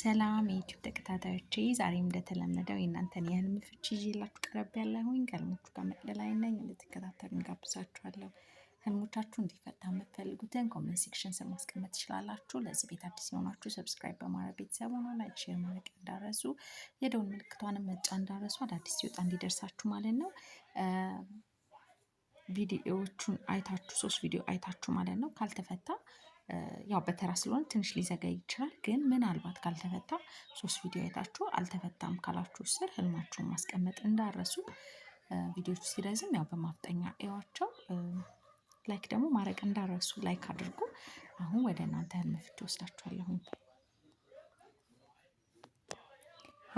ሰላም የዩቲዩብ ተከታታዮች፣ ዛሬም እንደተለመደው የእናንተን የህልም ፍቺ ይዤላችሁ ቀረብ ያለሁኝ ከህልሞቹ ጋር መቅደላይ ነኝ። እንድትከታተሉ እንጋብዛችኋለሁ። ህልሞቻችሁ እንዲፈታ የምትፈልጉትን ኮሜንት ሴክሽን ስር ማስቀመጥ ትችላላችሁ። ለዚህ ቤት አዲስ የሆናችሁ ሰብስክራይብ በማድረግ ቤተሰብ ሆኖ ላይክ፣ ሼር ማድረግ እንዳረሱ የደውል ምልክቷንም መጫ እንዳረሱ አዳዲስ ሲወጣ እንዲደርሳችሁ ማለት ነው ቪዲዮዎቹን አይታችሁ ሶስት ቪዲዮ አይታችሁ ማለት ነው ካልተፈታ ያው በተራ ስለሆነ ትንሽ ሊዘገይ ይችላል። ግን ምናልባት ካልተፈታ ሶስት ቪዲዮ አይታችሁ አልተፈታም ካላችሁ ስር ህልማችሁን ማስቀመጥ እንዳረሱ። ቪዲዮቹ ሲረዝም ያው በማፍጠኛ እዩዋቸው። ላይክ ደግሞ ማድረግ እንዳረሱ ላይክ አድርጉ። አሁን ወደ እናንተ ህልም ፍቺ ወስዳችኋለሁኝ።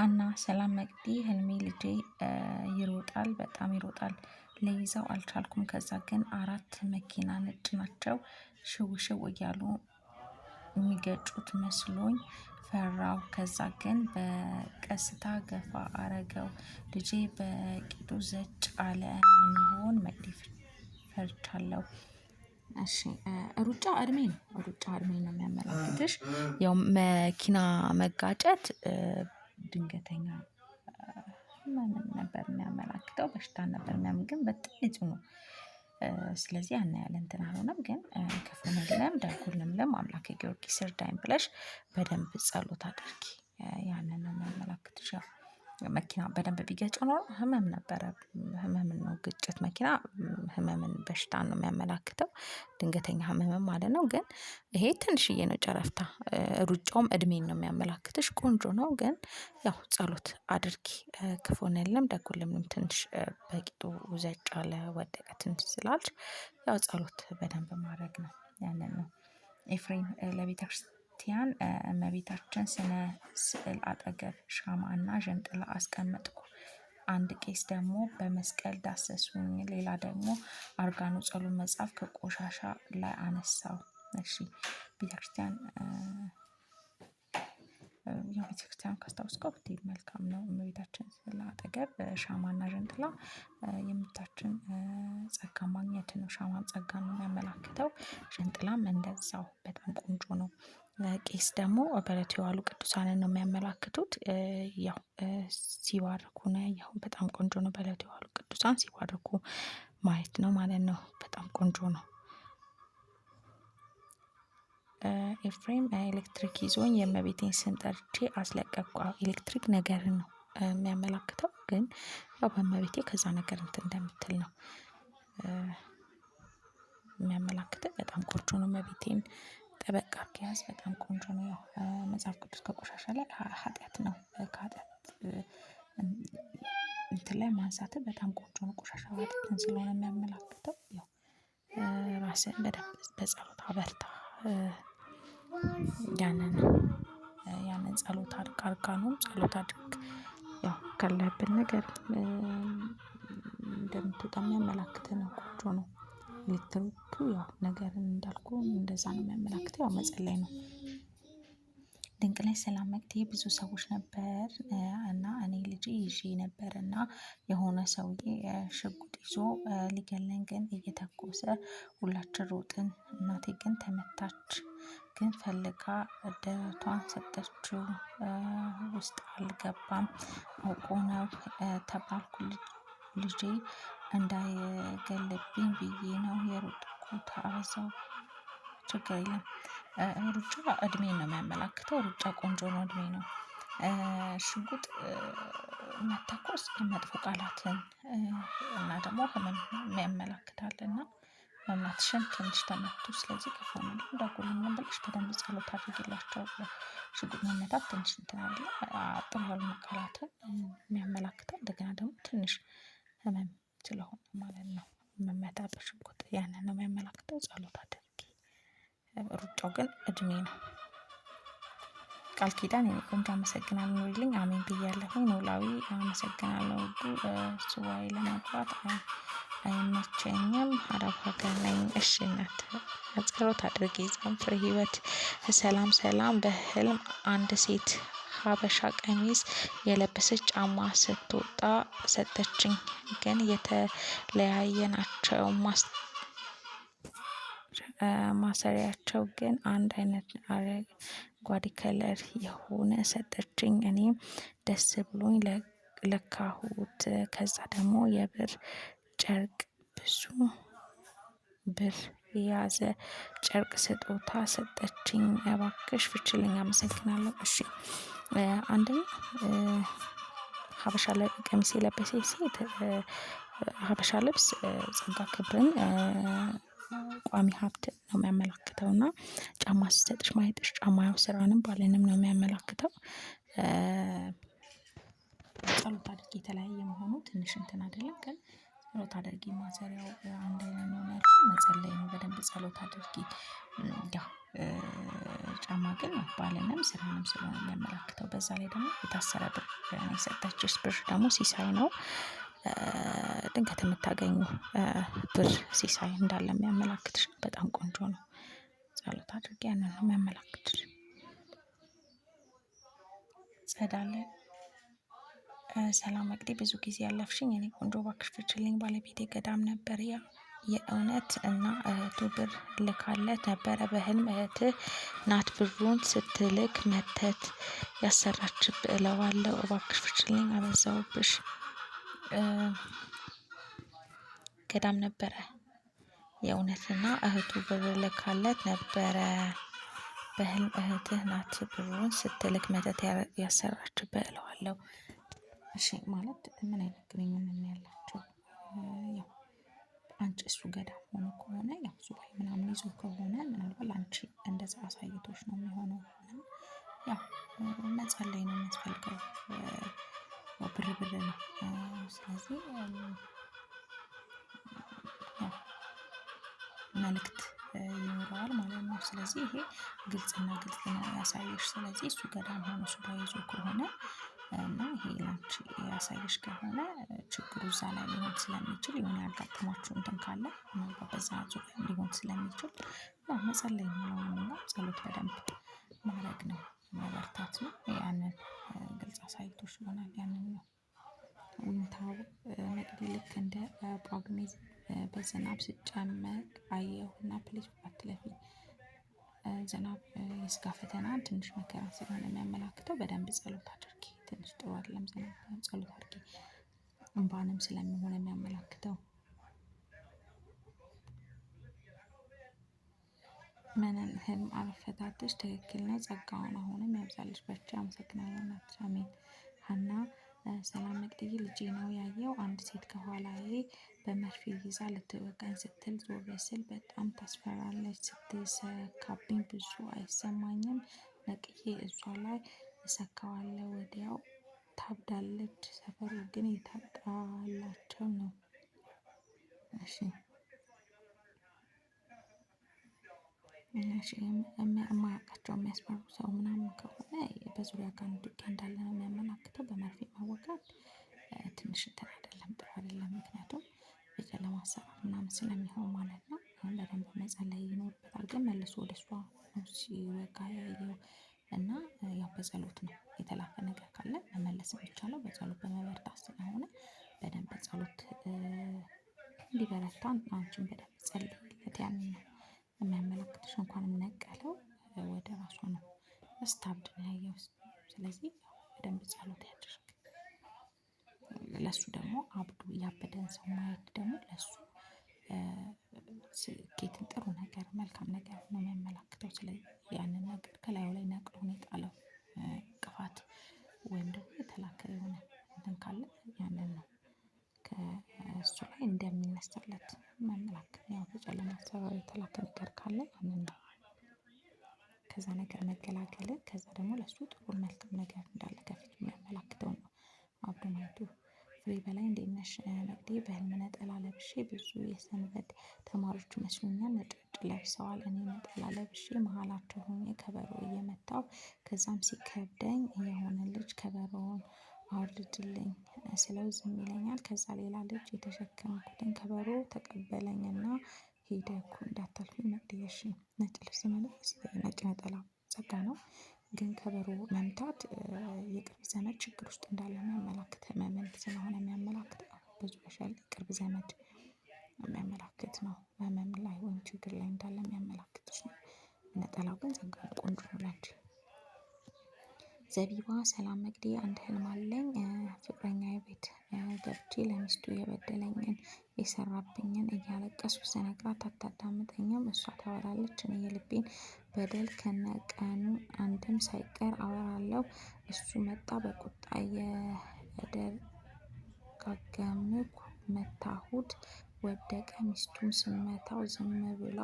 ሀና ሰላም መቅዲ ህልሜ ልጄ ይሮጣል፣ በጣም ይሮጣል። ለይዘው አልቻልኩም። ከዛ ግን አራት መኪና ነጭ ናቸው ሽውሽው እያሉ የሚገጩት መስሎኝ ፈራው። ከዛ ግን በቀስታ ገፋ አረገው። ልጄ በቂጡ ዘጭ አለ። የሚሆን መቅዲ? ፈርቻለሁ። እሺ ሩጫ እድሜ ነው። ሩጫ እድሜ ነው የሚያመላክትሽ። ያው መኪና መጋጨት ድንገተኛ ህመምን ነበር የሚያመላክተው በሽታን ነበር የሚያምን፣ ግን በጣም ጽኑ ስለዚህ አና ያለ እንትን አልሆነም። ግን ክፉ ለም ደጉን ለምለም አምላከ ጊዮርጊስ እርዳኝ ብለሽ በደንብ ጸሎት አድርጊ። ያንን ነው የሚያመላክትሽ። መኪና በደንብ ቢገጭ ኖሮ ህመም ነበረ ህመምን ነው ግጭት መኪና ህመምን በሽታን ነው የሚያመላክተው ድንገተኛ ህመም ማለት ነው። ግን ይሄ ትንሽዬ ነው ጨረፍታ ሩጫውም እድሜን ነው የሚያመላክትሽ ቆንጆ ነው። ግን ያው ጸሎት አድርጊ ክፉን የለም ደጉን ትንሽ በቂጡ ዘጭ አለ ወደቀ ትንሽ ስላልሽ ያው ጸሎት በደንብ ማድረግ ነው። ያንን ነው ኤፍሬም ለቤተክርስቲያን ክርስቲያን እመቤታችን ስነ ስዕል አጠገብ ሻማ እና ዣንጥላ አስቀመጥኩ። አንድ ቄስ ደግሞ በመስቀል ዳሰሱኝ። ሌላ ደግሞ አርጋኑ ጸሎት መጽሐፍ ከቆሻሻ ላይ አነሳው። እሺ ቤተክርስቲያን ያው ቤተክርስቲያን ካስታወስከው ብትሄድ መልካም ነው። እመቤታችን ስዕል አጠገብ ሻማና ዣንጥላ የእመቤታችን ጸጋ ማግኘት ነው። ሻማን ጸጋ ነው የሚያመላክተው ዣንጥላም እንደዛው በጣም ቆንጆ ነው። ቄስ ደግሞ በዕለቱ የዋሉ ቅዱሳንን ነው የሚያመላክቱት። ያው ሲባርኩ ነው ያው በጣም ቆንጆ ነው። በዕለቱ የዋሉ ቅዱሳን ሲባርኩ ማየት ነው ማለት ነው። በጣም ቆንጆ ነው። ኤፍሬም ኤሌክትሪክ ይዞኝ የእመቤቴን ስም ጠርቼ አስለቀቅኩ። ኤሌክትሪክ ነገርን ነው የሚያመላክተው፣ ግን ያው በእመቤቴ ከዛ ነገር እንትን እንደምትል ነው የሚያመላክተው። በጣም ቆንጆ ነው እመቤቴን ጠበቅ አድርጌ ያዝ። በጣም ቆንጆ ነው። ያው መጽሐፍ ቅዱስ ከቆሻሻ ላይ ኃጢአት ነው ከኃጢአት እንትን ላይ ማንሳት በጣም ቆንጆ ነው። ቆሻሻ ኃጢአትን ስለሆነ የሚያመላክተው ያው ራስን በደንብ በጸሎት አበርታ። ያንን ያንን ጸሎት አድርግ አርጋኖም ጸሎት አድርግ። ያው ካለህብን ነገር እንደምትወጣ የሚያመላክትህ ቆንጆ ነው። ሊትሩ ያው ነገር እንዳልኩ እንደዛ ነው የሚያመላክተው። ያው መጸለይ ነው። ድንቅ ላይ ሰላም መቅቴ ብዙ ሰዎች ነበር እና እኔ ልጅ ይዤ ነበር እና የሆነ ሰውዬ ሽጉጥ ይዞ ሊገለን ግን እየተኮሰ ሁላችን ሮጥን። እናቴ ግን ተመታች፣ ግን ፈልጋ ደረቷን ሰጠችው። ውስጥ አልገባም አውቆ ነው ተባልኩ። ልጄ እንዳይገለብኝ ብዬ ነው የሮጥ ተአበዛው ችግር የለም። ሩጫ እድሜን ነው የሚያመላክተው። ሩጫ ቆንጆ ነው፣ እድሜ ነው። ሽጉጥ መተኮስ መጥፎ ቃላትን እና ደግሞ ህመም ያመላክታል እና መምናትሽን ትንሽ ተመቱ። ስለዚህ ክፉ ነው እንዳጎልኛ ብለሽ በደንብ ጸሎት አድርጊላቸው። ሽጉጥ መመታት ትንሽ እንትናለ አጥር ያሉ መቃላትን የሚያመላክተው እንደገና ደግሞ ትንሽ ህመም የሚበልጠው ግን እድሜ ነው። ቃል ኪዳን የኔ ቆንጆ አመሰግናለሁ። ኑሪልኝ። አሜን ብያለሁኝ። ኖላዊ አመሰግናለሁ። ውዱ ስዋይ ለማግባት አይመቸኝም። አረብ ሀገር ነኝ። እሺ እናት ጸሎት አድርጊ። ጸንፍሬ ህይወት ሰላም ሰላም። በህልም አንድ ሴት ሀበሻ ቀሚስ የለበሰች ጫማ ስትወጣ ሰጠችኝ። ግን የተለያየ ናቸው። ማስ ማሰሪያቸው ግን አንድ አይነት አረንጓዴ ከለር የሆነ ሰጠችኝ። እኔም ደስ ብሎኝ ለካሁት። ከዛ ደግሞ የብር ጨርቅ ብዙ ብር የያዘ ጨርቅ ስጦታ ሰጠችኝ። እባክሽ ፍችልኝ አመሰግናለሁ። እሺ አንደኛ ሀበሻ ቀሚስ የለበሰች ሴት ሀበሻ ልብስ ጸጋ ክብርን ቋሚ ሀብት ነው የሚያመላክተው እና ጫማ ሲሰጥሽ ማየትሽ ያው ስራንም ባልንም ነው የሚያመላክተው። ጸሎት አድርጊ የተለያየ መሆኑ ትንሽ እንትን አይደለም ግን ጸሎት አድርጊ ማሰሪያው አንድ አይነት ነው መጸለይ ነው። በደንብ ጸሎት አድርጊ። ጫማ ግን ባለንም ስራንም ስለሆነ የሚያመላክተው በዛ ላይ ደግሞ የታሰረ ብር የሰጠችሽ ብር ደግሞ ሲሳይ ነው ድንገት የምታገኙ ብር ሲሳይ እንዳለ የሚያመላክትሽ በጣም ቆንጆ ነው። ጸሎት አድርጌ ያንን ነው የሚያመላክትሽ። ጸዳለ ሰላም መቅዲ፣ ብዙ ጊዜ ያለፍሽኝ እኔ ቆንጆ እባክሽ ፍችልኝ። ባለቤቴ ገዳም ነበር ያ የእውነት እና እህቱ ብር ልካለት ነበረ። በህልም እህትህ ናት ብሩን ስትልክ መተት ያሰራች ብለዋለው። እባክሽ ፍችልኝ፣ አበዛውብሽ። ገዳም ነበረ የእውነትና እህቱ ብር ልካለት ነበረ። በህልም እህትህ ናት ብሩን ስትልክ መተት ያሰራች እለዋለሁ። እሺ ማለት ምን አይነት ግንኙነት ነው ያላቸው? ያው አንቺ እሱ ገዳም ሆኖ ከሆነ ያው ዙባይ ምናምን ይዞ ከሆነ ምናልባት ለአንቺ እንደዛ አሳይቶች ነው የሚሆነው። ያው መጸለይ ነው የሚያስፈልገው። ብር ብር ነው። ስለዚህ መልእክት ይኖረዋል ማለት ነው። ስለዚህ ይሄ ግልጽና ግልጽ ነው ያሳየሽ። ስለዚህ እሱ ገዳም ሆኖ እሱ ጋር ይዞ ከሆነ እና ይሄ ላንቺ ያሳየሽ ከሆነ ችግሩ እዛ ላይ ሊሆን ስለሚችል የሆነ ያጋጠማችሁ እንትን ካለ ምናልባት በዛ ዙሪያ ሊሆን ስለሚችል መጸለይ መጸለይ ነው ጸሎት በደንብ ማድረግ ነው። መበርታት ነው። ያንን ግልጽ አሳይቶች ይሆናል ያንን ነው ሁኔታው መቅዲ ልክ እንደ ጳጉሜዝ በዝናብ ስጨመቅ አየሁና ፕሊዝ አትለፊኝ። ዝናብ የስጋ ፈተና ትንሽ መከራ ስለሆነ የሚያመላክተው በደንብ ጸሎት አድርጊ። ትንሽ ጥሩ አይደለም ዝናብ ጸሎት አድርጊ። እንባንም ስለሚሆን የሚያመላክተው ምንም ህልም አልፈታተሽ ትክክል ነው። ጸጋውን አሁንም ያብዛልሽ በርቺ። አመሰግናለሁ እናትሽ አሜን። ሀና ሰላም መቅደዬ ልጄ ነው ያየው አንድ ሴት ከኋላዬ በመርፌ ይዛ ልትወጋኝ ስትል ዞር ስል በጣም ታስፈራለች። ስትሰካብኝ ብዙ አይሰማኝም። ነቅዬ እሷ ላይ እሰካዋለሁ። ወዲያው ታብዳለች። ሰፈሩ ግን የታጣላቸው ነው። እሺ የማያውቃቸው የሚያስፈሩ ሰው ምናምን ከሆነ በዙሪያ ጋር እንዳለ ነው የሚያመላክተው። በመርፌ መወጋት ትንሽ እንትን አይደለም ጥሩ አይደለም። ምክንያቱም የጨለማ አሰራር ምናምን ስለሚሆን ማለት ነው። አሁን በደንብ መጸለይ ይኖርበታል። ግን መልሶ ወደ እሷ ሲወጋ ያየው እና ያው በጸሎት ነው የተላከ ነገር ካለ መመለስ የሚቻለው በጸሎት በመበርታት ስለሆነ በደንብ ጸሎት እንዲበረታ አንቺን በደንብ ጸልይለት ያንን ነው የሚያመለክትሽ እንኳን የምነቀለው ወደ ራሷ ነው ስታብድ ነው ያየው። ስለዚህ በደንብ ጸሎት ያድርግ። ለሱ ደግሞ አብዱ ያበደን ሰው ማየት ደግሞ ለሱ ስኬትን፣ ጥሩ ነገር፣ መልካም ነገር ነው የሚያመላክተው። ስለዚህ ያንን ነገር ከላዩ ላይ ነቅሎ ነው የጣለው። ቅፋት ወይም ደግሞ የተላከ የሆነ ላይ እንደሚነሳለት መመላከት ነው። በጨለማ አሰራር የተላከ ነገር ካለ ያንን ነው። ከዛ ነገር መገላገልን ከዛ ደግሞ ለሱ ጥሩ መልካም ነገር እንዳለ ከፊቱ የሚያመላክተው ነው። አብሮ ማየቱ ፍሬ በላይ እንዴት ነሽ? በህልም ነጠላ ለብሼ ብዙ የሰንበት ተማሪዎች መስሉኛል ነጭ ለብሰዋል። እኔ ነጠላ ለብሼ መሀላቸው ሆኜ ከበሮ እየመታው ከዛም ሲከብደኝ የሆነ ልጅ ከበሮውን አውርድልኝ ስለው ዝም ይለኛል። ከዛ ሌላ ልጅ የተሸከምኩትን ከበሮ ተቀበለኝና ሄደኩ እንዳታልፊኝ መቅደየሽን ነጭ ልብስ መልበስ ነጭ ነጠላ ጸጋ ነው። ግን ከበሮ መምታት የቅርብ ዘመድ ችግር ውስጥ እንዳለ የሚያመላክት ህመምን ስለሆነ የሚያመላክት ብዙ በሻል የቅርብ ዘመድ የሚያመላክት ነው። ህመም ላይ ወይም ችግር ላይ እንዳለ የሚያመላክት ነው። ነጠላው ግን ጸጋ ነው ቆንጆ ነው ላንቺ ዘቢባ ሰላም መግዴ አንድ ህልም አለኝ ፍቅረኛ ቤት ገብቼ ለሚስቱ የበደለኝን የሰራብኝን እያለቀሱ ስነግራት አታዳምጠኝም። እሷ ታወራለች፣ እኔ የልቤን በደል ከነቀኑ አንድም ሳይቀር አወራለሁ። እሱ መጣ በቁጣ እየደጋገምኩ መታሁት፣ ወደቀ። ሚስቱም ስመታው ዝም ብላ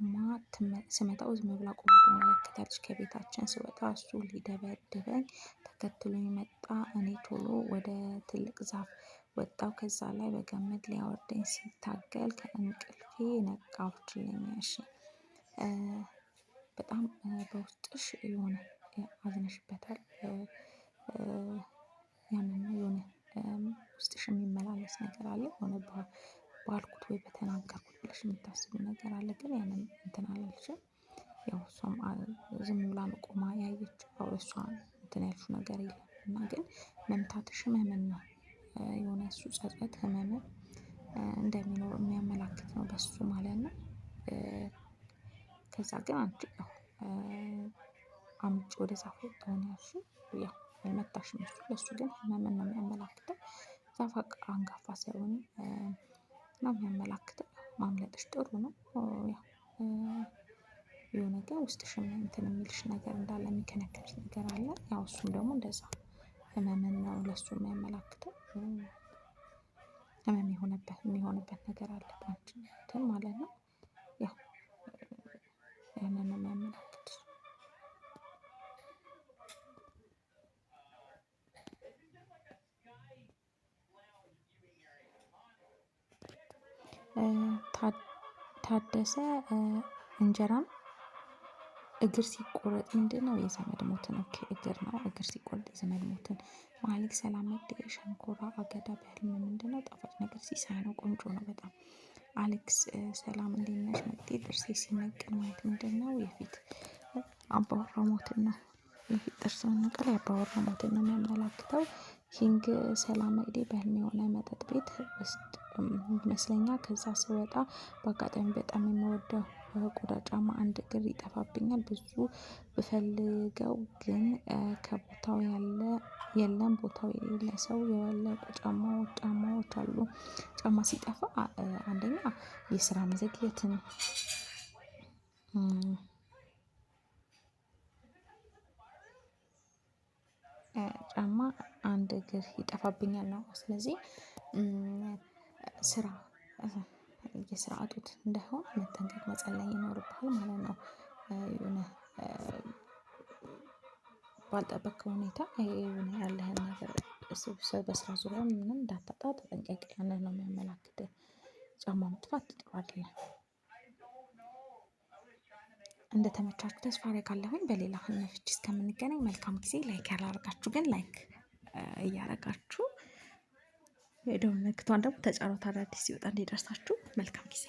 ቆማ ስመጣው ዝም ብላ ቆማ ትመለከታለች። ከቤታችን ስወጣ እሱ ሊደበድበኝ ተከትሎኝ መጣ። እኔ ቶሎ ወደ ትልቅ ዛፍ ወጣው። ከዛ ላይ በገመድ ሊያወርደኝ ሲታገል ከእንቅልፌ ነቃሁ። አውርጂልኛሽ በጣም በውስጥሽ የሆነ አዝነሽበታል ያንን የሆነ ውስጥሽ የሚመላለስ ነገር አለ የሆነ ባልኩት ወይ በተናገርኩት ብለሽ የምታስቢው ነገር አለ ግን ያንን እንትን አላልሽም። ያው እሷም ዝም ብላ ነው ቆማ ያየችው እሷ እንትን ያልሽው ነገር የለም እና ግን መምታትሽ ህመምን ነው። የሆነ እሱ ጸጸት ህመምን እንደሚኖር የሚያመላክት ነው በሱ ማለት ነው። ከዛ ግን አንቺ ያው አምጪ ወደ ዛፉ ነው ያልሽው ያው አልመታሽም እሱ ለእሱ ግን ህመምን ነው የሚያመላክተው። ዛፍ አንጋፋ ሳይሆን ነው የሚያመላክተው ማምለጥሽ ጥሩ ነው። ያው የሆነ ግን ውስጥሽም እንትን የሚልሽ ነገር እንዳለ የሚከነክንሽ ነገር አለ ያው እሱም ደግሞ እንደዛ ህመምን ነው ለሱ የሚያመላክተው። ህመም የሆነበት የሚሆንበት ነገር አለ ማለት ነው ታደሰ እንጀራም እግር ሲቆረጥ ነው የዘመድ ሞትን እግር ነው። እግር ሲቆረጥ የዘመድ ሞትን ማሊክ ሰላም መግደ ሸንኮራ አገዳ በህልም ነው ጣፋጭ ነገር ሲሳይ ነው። ቆንጆ ነው በጣም አሌክስ ሰላም እንዴት ነሽ? መግደ ጥርሴ ሲነቅል ማየት ምንድነው? የፊት አባወራ ሞትን ነው። የፊት ጥርስ መነቀል የአባወራ ሞትን ነው የሚያመላክተው። ሂንግ ሰላም አይዴ በህልም የሆነ መጠጥ ቤት ውስጥ ይመስለኛል። ከዛ ስወጣ በአጋጣሚ በጣም የሚወደው ቆዳ ጫማ አንድ እግር ይጠፋብኛል። ብዙ ብፈልገው ግን ከቦታው ያለ የለም። ቦታው የሌለ ሰው የወለቁ ጫማዎች ጫማዎች አሉ። ጫማ ሲጠፋ አንደኛ የስራ መዘግየትን ጫማ አንድ እግር ይጠፋብኛል ነው። ስለዚህ ስራ የስራ እጦት እንዳይሆን መጠንቀቅ መጸለይ ይኖርብሃል ማለት ነው። የሆነ ባልጠበቅ ሁኔታ የሆነ ያለህን ነገር በስራ ዙሪያ ምንም እንዳታጣ ተጠንቀቅ ያንን ነው የሚያመላክትህ። ጫማ መጥፋት ጥሩ እንደተመቻችሁ ተስፋ አደርጋለሁኝ። በሌላ ህልም ፍቺ እስከምንገናኝ መልካም ጊዜ። ላይክ ያላረጋችሁ ግን ላይክ እያረጋችሁ የደውል ምልክቷን ደግሞ ተጫኑት፣ አዳዲስ ሲወጣ እንዲደርሳችሁ። መልካም ጊዜ